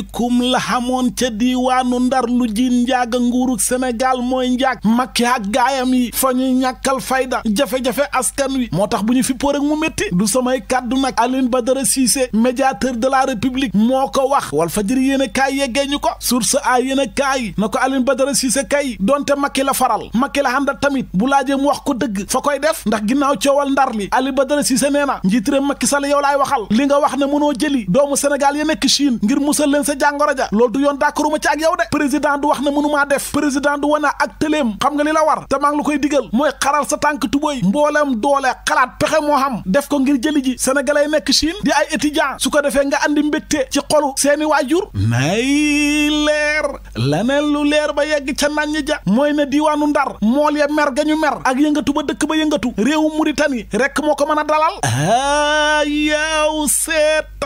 aleykum la xamoon ca diiwaanu ndar lu jiin njaaga nguurug Sénégal mooy njaag Macky ak gaayam yi fa ñu ñàkkal fayda jafe-jafe askan wi moo tax bu ñu fi pour mu métti du samay kàddu nag Alioune Badara Cissé médiateur de la République moo ko wax Walfadjri yéen a kaay yeggee ñu ko source a yéen a kaay na ko Alioune Badara Cissé kay donte Macky la faral Macky la àndal tamit bu laajee mu wax ko dëgg fa koy def ndax ginnaaw coowal ndar li Alioune Badara Cissé nee na sa jàngoro ja loolu du yoon d'accorduma ci ak yow de président du wax ne mënumaa def président du wane ak tëleem xam nga li la war te maa ngi koy digal mooy xaral sa tànk tubooy mbooleem doole xalaat pexe moo xam def ko ngir jëli ji sénégalais nekk Chine di ay étudiant su ko defee nga andi mbégte ci xolu seeni waajur nay leer laneen lu leer ba yegg ca naññ ja mooy ne diiwaanu ndar mool ya mer ga ñu mer ak yëngatu ba dëkk ba yëngatu réewu Mauritanie rekk moo ko mën a dalal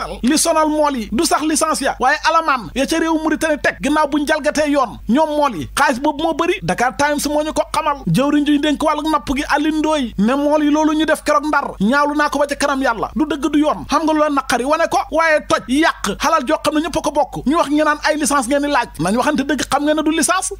waral li sonal mool yi du sax licence ya waaye alamaan ya ca réew Mauritanie teg ginnaaw buñ jalgatee yoon ñoom mool yi xaalis boobu moo bëri Dakar Times moo ñu ko xamal jëwriñ juñ dénk wàllu napp gi Alioune Ndoye ne mool yi loolu ñu def keroog ndar ñaawlu naa ko ba ca kanam yàlla du dëgg du yoon xam nga lu la naqari wane ko waaye toj yàq xalal joo xam ne ñëpp ko ñu wax ngeen naan ay licence ngeen di laaj nañ waxante dëgg xam ngeen du licence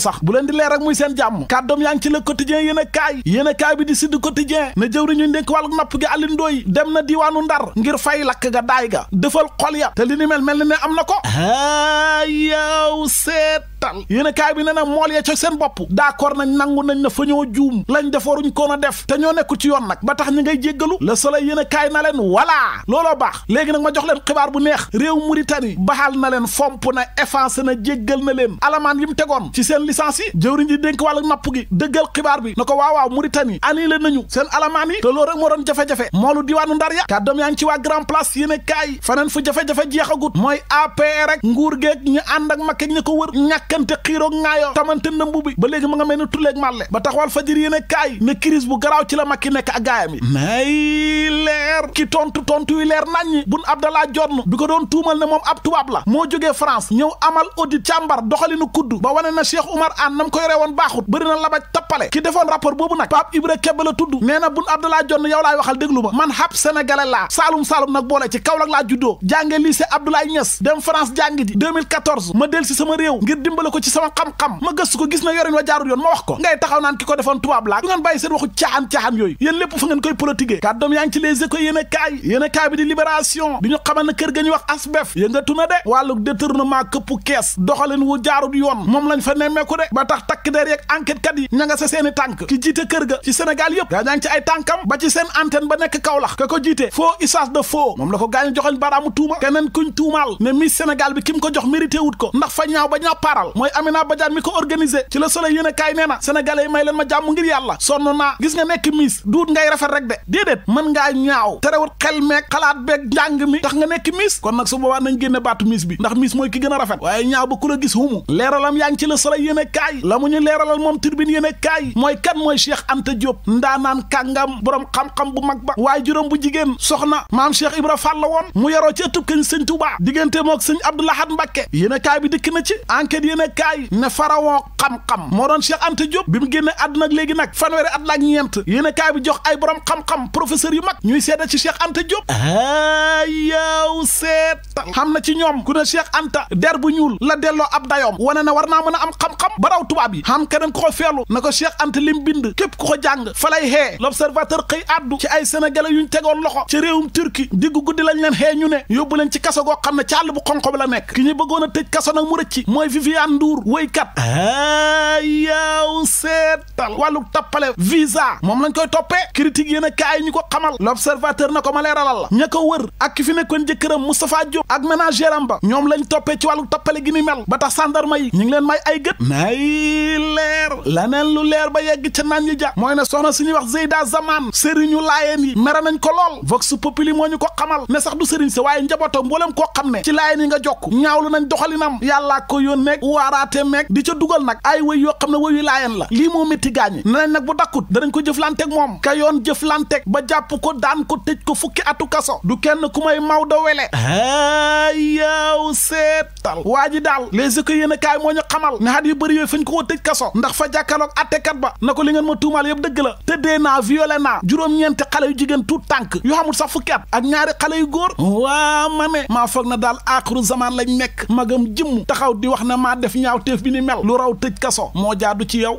licence seen jàmm kàddoom yaa ngi ci le quotidien yéen a kaay a kaay bi di Sud Quotidien na jëwriñu dénk wàllu napp gi Alioune Ndoye dem na diiwaanu Ndar ngir fay lakk ga daay ga dëfal xol ya te li ni mel mel na ne am na ko aa seet waxtaan a kaay bi ne na mool ya ca seen bopp d'accord nañ nangu nañ na fa ñoo juum lañ defaruñ koon a def te ñoo nekkul ci yoon nag ba tax ñi jéggalu Le Soleil yéen a kaay na leen voilà looloo baax léegi nag ma jox leen xibaar bu neex réew Mauritanie baxal na leen fomp na effacé na jéggal na leen alamaan yi tegoon ci seen licence yi ji dénk wàllu napp gi dëggal xibaar bi na ko waaw waaw Mauritanie annulé nañu seen alamaan yi te loolu rek moo a dàkkante xiiroo ŋaayoo tamante ndëmb bi ba léegi ma nga mel ni tuleeg màlle ba taxawal fajir yéen e kaay ne bu garaaw ci la Macky nekk ak gaayam nay leer ki tontu tontu yi leer naññi bun Abdallah Dionne bi ko doon tuumal ne moom ab tubaab la moo jógee France ñëw amal audit càmbar doxalinu kudd ba wane na Cheikh Oumar Anne nam ko yore woon baaxut bëri na labaj tappale ki defoon rapport boobu nag Pape Ibra Kebe a tudd nee na bun Abdallah Dionne yow laay waxal déglu ma man hab sénégalais laa saalum-saalum nag boole ci Kaolack laa juddoo jànge lycée Abdoulaye Niass dem France jàngi ma del si sama réew ngir dimbal boole ci sama xam ma gëstu ko gis na yorin wa jaarul yoon ma wax ko ngay taxaw naan ki ko defoon tubaab laa du ngeen bàyyi seen waxu caaxaan caaxaan yooyu yéen lépp fa a di libération bi ñu xamal ne kër ga ñu wax asbef yëngatu na de wàllu détournement këpp kees doxalin wu jaarul yoon moom lañ fa nemmeeku de ba tax takk der yeeg enquête kat yi ña nga sa seeni tànk ki jiite kër ga ci Sénégal yëpp gaa ñaa ci ay tànkam ba ci seen antenne ba nekk Kaolack ka ko jiite foo usage de faux moom la ko gaañu joxoñ baraamu tuuma keneen kuñ tuumaal ne Miss Sénégal bi ki ko jox mérité wut ko ndax fa ñaaw ba ñaaw paaral mooy Amina Badiane mi ko organisé ci la Soleil yéen a kaay nee na sénégalais yi may leen ma jàmm ngir yàlla sonn naa gis nga nekk miis duut ngay rafet rek de déedéet mën ngaa ñaaw terewut xel meeg xalaat beeg njàng mi tax nga nekk miis kon nag su boobaa nañ génne baatu miis bi ndax miis mooy ki gën a rafet waaye ñaaw ba ku la gis humu leeralam yaa ngi ci la Soleil yéen a kaay la mu ñu leeralal moom turbine yéen a kaay mooy kan mooy Cheikh Anta Diop ndaanaan kàngam bu mag ba waaye juróom bu jigéen soxna maam Cheikh Ibra Fall la woon mu yaroo ci ëttub kañ sëñ Tuubaa diggante mook sëñ a kaay bi dikk na ci enquête yéen kaay ne pharaon xam-xam moo doon Cheikh Anta Diop bi mu génnee àdduna léegi nag fanweeri at la ak ñeent yéen kaay bi jox ay borom xam-xam professeur yu mag ñuy seede ci Cheikh Anta Diop ayaw seetal xam na ci ñoom ku ne Cheikh Anta der bu ñuul la delloo ab dayoom wane na war naa mën a am xam-xam baraw tubaab yi xam keneen ku ko feelu na ko Cheikh Anta lim bind képp ku ko jàng fa lay xee l'observateur xëy addu ci ay sénégalais yuñ tegoon loxo ci réewum turki diggu guddi lañ leen xee ñu ne yóbbu leen ci kaso goo xam ne ci àll bu xonq bi la nekk ñu bëggoon a tëj kaso nag mu rëcc Ndour woykat ayaw seetal wàllu tappale visa moom lañ koy toppee critique yéen a kaay ñu ko xamal l'observateur na ko ma leeralal la ña ko wër ak ki fi nekkoon jëkkëram Moustapha Diop ak ménagère am ba ñoom lañ toppee ci wàllu tappale gi ni mel ba tax sandarma yi ñu ngi leen may ay gët may leer laneen lu leer ba yegg ca naan ñi ja mooy ne soxna suñuy wax Zeyda Zaman sëriñu laayeen yi mere nañ ko lool vox populi moo ñu ko xamal ne sax du sëriñ si waaye njabootam mboolem koo xam ne ci laayeen nga jokk ñaawlu nañ doxalinam waaraatee meeg di ca dugal nag ay wéy yoo xam ne wéyu laayeen la lii moo métti gaañi na nag bu dakkut danañ ko jëflanteeg moom ka yoon jëflanteeg ba jàpp ko daan ko tëj ko fukki atu kaso du kenn ku may Maodo Wele ayaw seetal waa ji daal les écoles yéen a kaay moo ñu xamal ne xat yu bëri yooyu fañ ko ko tëj kaso ndax fa jàkkaloog attekat ba na ko li ngeen ma tuumaal yëpp dëgg la tëddee naa violé naa juróom-ñeenti xale yu jigéen tuut tànk yu xamul sax fukki ak ñaari xale yu góor waa ma ne na daal aaxiru zaman lañ nekk magam jëmm taxaw di wax ne maa def ñaaw téef bi ni mel lu raw tëj kaso moo jaadu ci yow